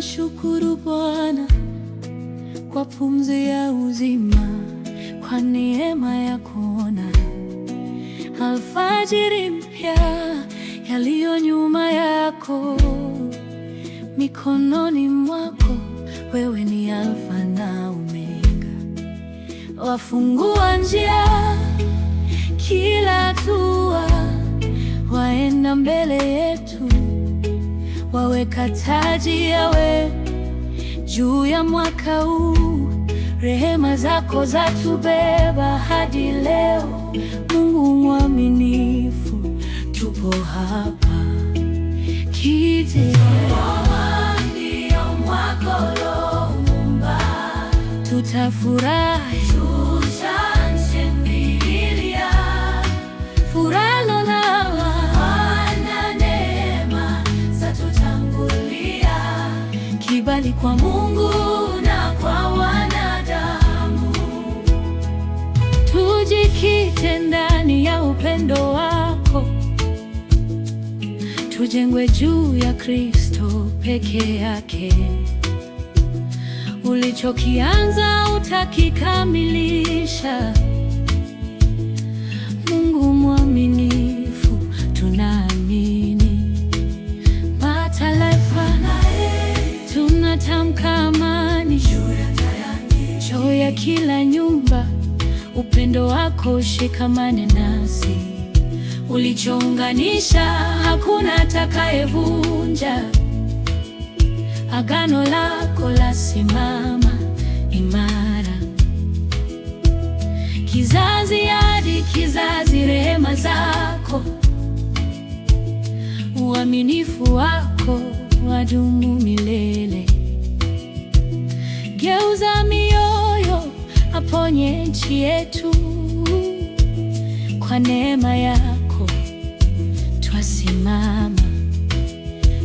Shukuru Bwana kwa pumzi ya uzima niema neema ya kuona alfajiri mpya, yaliyo nyuma yako, mikononi mwako. Wewe ni Alfa na Omega, wafungua njia kila hatua, waenda mbele yetu, waweka taji yawe juu ya mwaka huu Rehema zako zatubeba hadi leo, Mungu mwaminifu, tupo hapa kitewani, tutafurahi tujikite ndani ya upendo wako, tujengwe juu ya Kristo peke yake. Ulichokianza utakikamilisha, Mungu mwaminifu, tunaamini. Mataifa tunatamka amani juu ya kila nyumba upendo wako ushikamane nasi. Ulichounganisha hakuna atakayevunja. Agano lako la simama imara, kizazi hadi kizazi. Rehema zako, uaminifu wako wadumu milele. Geuza uponye nchi yetu kwa neema yako, twasimama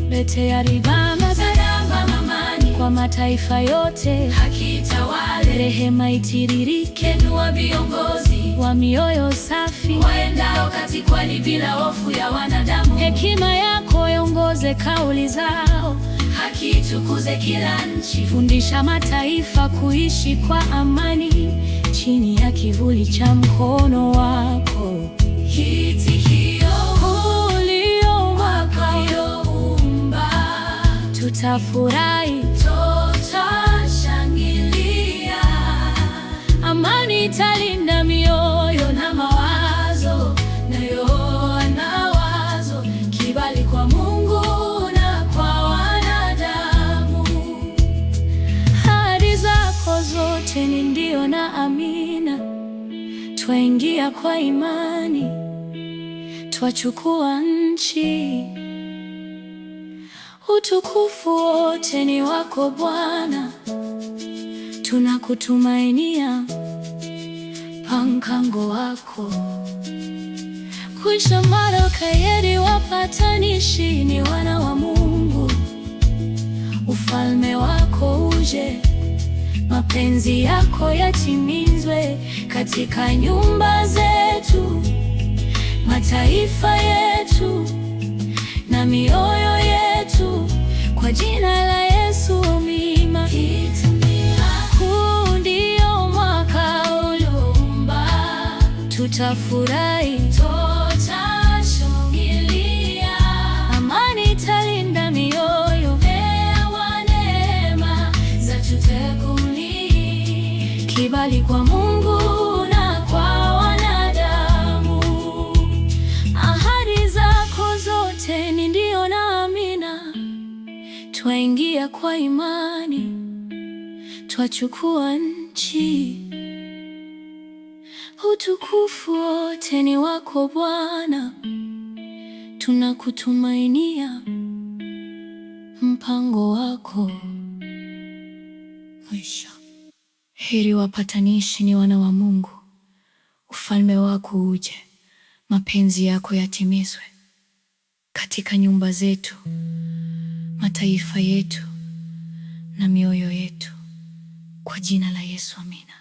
Beteyari Baba, salama mamani, kwa mataifa yote haki itawale, rehema itiririke, nua viongozi wa mioyo safi waendao katika bila hofu ya wanadamu, hekima yako yongoze kauli zao haki itukuze kila nchi. Fundisha mataifa kuishi kwa amani chini ya kivuli cha mkono wako. Hitikio ulioumba, tutafurahi twaingia kwa imani, twachukua nchi. Utukufu wote ni wako Bwana, tunakutumainia pa mkango wako. Kwisha malaika yedi, wapatanishi ni wana wa Mungu, ufalme wako uje mapenzi yako yatimizwe katika nyumba zetu, mataifa yetu na mioyo yetu, kwa jina la Yesu umima. Huu ndio mwaka tutafurahi mbali kwa Mungu na kwa wanadamu. Ahadi zako zote ni ndio na amina, twaingia kwa imani, twachukua nchi. Utukufu wote ni wako Bwana, tunakutumainia mpango wako Mwisho. Heri wapatanishi ni wana wa Mungu. Ufalme wako uje, mapenzi yako yatimizwe katika nyumba zetu, mataifa yetu na mioyo yetu, kwa jina la Yesu, amina.